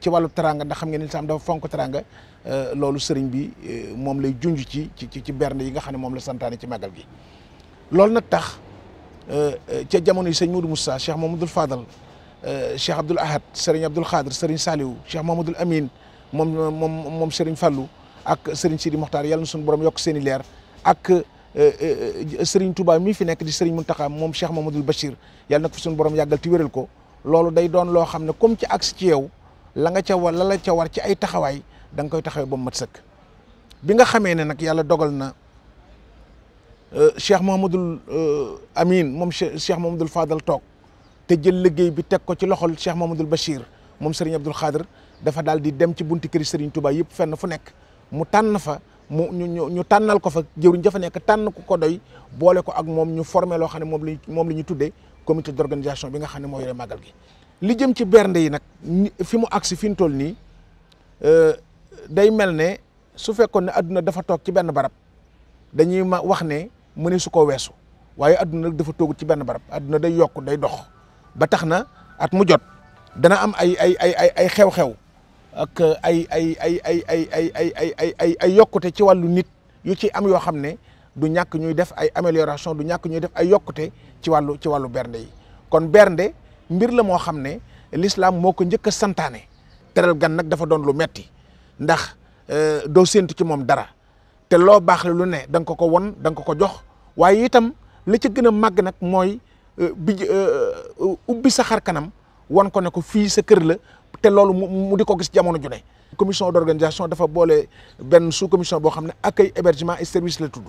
ci wàllu teranga ndax xam ngeen ni lislaam dafa fonk teranga euh, loolu sëriñ bi euh, moom lay junj ci ci ci bernde yi nga xam ne moom la santaane ci màggal gi. loolu nag tax euh, ca jamono yi sëñ Moudou Moussa Cheikh Mamadou Fadal Cheikh Abdoul Ahad sëriñ Abdoul Khadr sëriñ Saliou Cheikh Mamadou Amin moom moom moom sëriñ Fallou ak sëriñ Sidi Mokhtar yàlla na suñu borom yokk seen i leer ak. sëriñ Touba mii fi nekk di sëriñ Mountakha moom Cheikh Mamadou Bachir yàlla na ko fi suñu borom yàggal ti wéral ko loolu day doon loo xam ne comme ci agsi ci yow la nga ca war la la ca war ci ay taxawaay da nga koy taxawee ba mu mat sëkk bi nga xamee ne nag yàlla dogal na euh, Cheikh Mouhamadul euh, Amin moom Cheikh Mouhamadul Fadal toog te jël liggéey bi teg ko ci loxol Cheikh Mouhamadul Bachir moom Serigne Abdoul Khadir dafa daal di dem ci bunti këri Serigne Touba yëpp fenn fu nekk mu tànn fa mu ñu ñu tànnal ko fa jëwriñ jafa nekk tànn ku ko doy boole ko ak moom ñu formé loo xam ne moom la moom la ñu tuddee comité d'organisation bi nga xam ne moo yore màggal li jëm ci bernde yi nag fi mu agsi fi mu toll nii day mel ne su fekkoon ne adduna dafa toog ci benn barab dañuy ma wax ne mu ne su ko weesu waaye adduna nag dafa toogut ci benn barab adduna day yokk day dox ba tax na at mu jot dana am ay ay ay ay ay xew ak ay ay ay ay ay ay ay ay ay ay ay yokkute ci wàllu nit yu ci am yoo xam ne du ñàkk ñuy def ay amélioration du ñàkk ñuy def ay yokkute ci wàllu ci wàllu bernde yi kon bernde mbir la moo xam ne l'islam moo ko njëkk a santaane teral gan nag dafa doon lu metti ndax euh, doo séentu ci moom dara te loo baax la lu ne danga ko ko won da ko ko jox waaye itam la ci gën a màgg nag mooy euh, bi euh, ubbi sa xar kanam wan ko ne ko fii sa kër la te loolu mu di ko gis jamono ju ne. commission d'organisation dafa boole benn sous commission boo xam ne accueil hébergement et service la tudd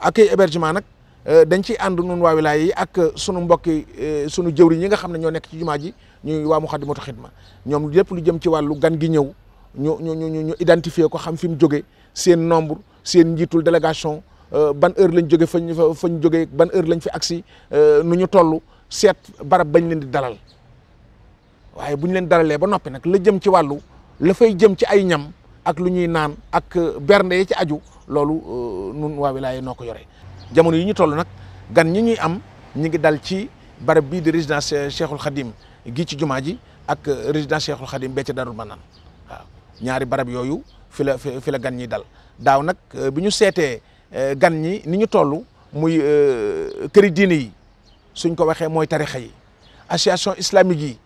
accueil hébergement nag. Euh, dañ ciy ànd nun waa wilaaya yi ak euh, sunu mbokki euh, sunu jëwriñ yi nga xam ne ñoo nekk ci jumaa ji ñuy waa Muxaddamatul Xidma ñoom lépp lu jëm ci wàllu gan gi ñëw ñu ñu ñu ko xam fi mu jóge seen nombre seen njiitul délégation ban heure lañ jóge fañ fañ ban heure lañ fi agsi nu ñu toll seet barab bañ leen di dalal waaye bu leen dalalee ba noppi nag la jëm ci wàllu la fay jëm ci ay ñam ak lu ñuy naan ak bernde yi ci aju loolu nun waa wilaaya noo ko yore jamono yi ñu toll nag gan ñi ñuy am ñi ngi dal ci barab bii di résidence Cheikhul Khadim gi ci jumaa ji ak résidence Cheikhul Khadim bee ca Darou Manane waaw ñaari barab yooyu fi la fi la gan ñi dal daaw nag euh, bi ñu seetee euh, gan ñi ni ñu toll muy euh, këri diine yi suñ ko waxee mooy tarixa yi association islamique yi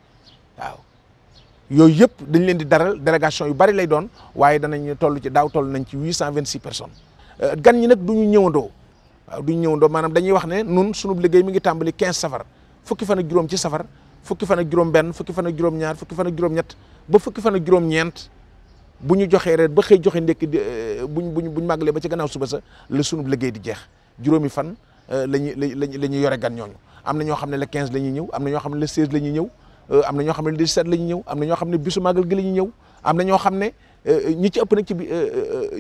waaw yooyu yëpp dañ leen di daral délégation yu bari lay doon waaye danañ toll ci daaw toll nañ ci huit cent vingt six personnes gan ñi nag du ñu ñëwandoo. waaw ñëw ndoo maanaam dañuy wax ne nun sunu liggéey mi ngi tàmbali 15 safar fukki fan ak juróom ci safar fukki fan ak juróom benn fukki fan ak juróom ñaar fukki fan ak juróom ñett ba fukki fan ak juróom ñeent bu ñu joxee rek ba xëy joxe ndekki eh, buñ buñ buñ màggalee ba ci gannaaw suba sax la sunub liggéey di jeex juróomi fan eh, la ñuy la ñuy yore gan ñooñu am na ñoo xam ne le 15 la ñuy ñëw am na ñoo xam ne le 16 la ñuy ñëw eh, am na ñoo xam ne le 17 la ñuy ñëw am na ñoo xam ne bisu màggal gi la ñuy ñëw am na ñoo xam ne ñi ci ëpp nag ci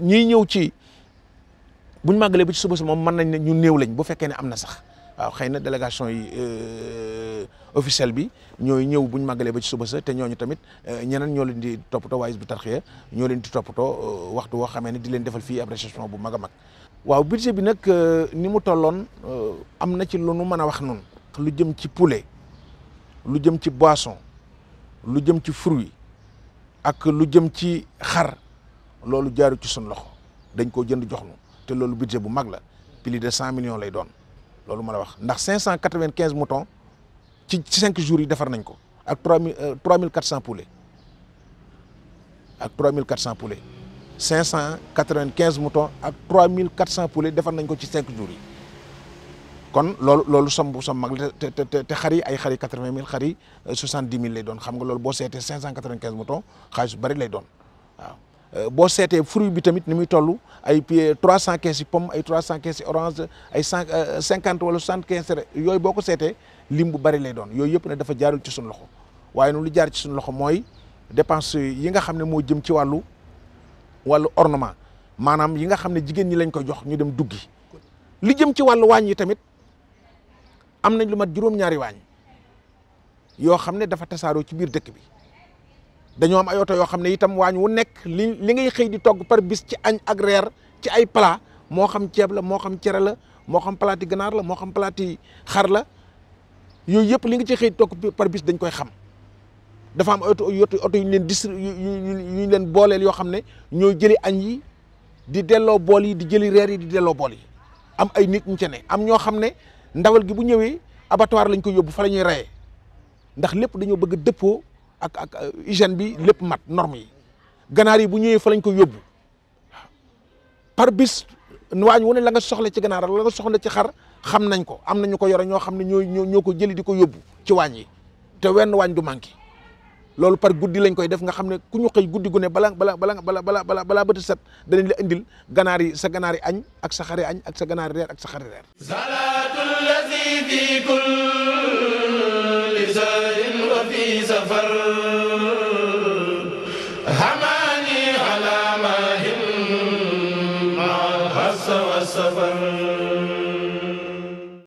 ñiy ñëw ci bu buñ màggalee ba ci suba si moom mën nañ ne ñu néew lañ bu fekkee ne am na sax waaw xëy na délégation yi euh, officielle bi ñooy ñëw buñu màggalee ba ci suba sa te ñooñu tamit euh, ñeneen ñoo leen di toppatoo waa Hizbut Tarqiyyah ñoo leen di toppatoo euh, waxtu woo xamee ne di leen defal fi ab bu mag a waaw budget bi nag ni mu tolloon am na ci lu nu mën a wax noonu lu jëm ci poulet lu jëm ci boisson lu jëm ci fruit ak lu jëm ci xar loolu jaaru ci suñ loxo dañ koo jënd jox le budget est magle, il de 100 millions. C'est ce Lolou je veux 595 moutons, ci 5 jours, ils ko. 3 3400 euh, poulets. Avec 3400 poulets. 595 moutons 3400 poulets, ils ont 5 jours. Donc, c'est ce que je te te te les chariots, les chariots, 80 000, les chariots, 70 000. Donc, si c'était 595 moutons, il y a beaucoup de Euh, boo seetee fruit bi tamit ni muy toll ay pied trois cent quinze ci pomme ay trois cent quinze ci orange ay cent euh, cinquante wala soixante quinze yooyu boo ko seetee lim bu bari lay doon yooyu yëpp ne dafa jaarul ci suñ loxo waaye nu lu jaar ci suñ loxo mooy dépense yi nga xam ne moo jëm ci wàllu wàllu ornement maanaam yi nga xam ne jigéen ñi lañ koy jox ñu dem duggi li jëm ci wàllu waañ yi tamit am nañ lu mat juróom-ñaari waañ yoo xam ne dafa tasaaroo ci biir dëkk bi dañoo am ay oto yoo xam ne itam waañ wu nekk li li ngay xëy di togg par bis ci añ ak reer ci ay palaa moo xam ceeb la moo xam cere la moo xam palaati ganaar la moo xam palaati xar la yooyu yëpp li nga ci xëy togg par bis dañ koy xam dafa am oto oto yu leen distri ñu leen booleel yoo xam ne ñooy jëli añ yi di delloo bool yi di jëli reer yi di delloo bool yi am ay nit ñu ca ne am ñoo xam ne ndawal gi bu ñëwee abattoir lañ ko yóbbu fa la ñuy reyee ndax lépp dañoo bëgg dëppoo ak ak euh, hygiène bi lépp mat norme yi ganaar yi bu ñëwee fa lañ ko yóbbu par bis waañ wu ne la nga soxla ci ganaar la nga soxla ci xar xam nañ ko am nañu ko yore ñoo xam ne ñoo ñoo ko jëli di ko yóbbu ci waañ yi te wenn waañ du manqué loolu par guddi lañ koy def nga xam ne ku ñu xëy guddi gu ne bala bala bala bala bala balaa bëti set danañ la indil ganaar yi sa ganaar yi añ ak sa xari añ ak sa ganaar reer ak sa xari reer fi safar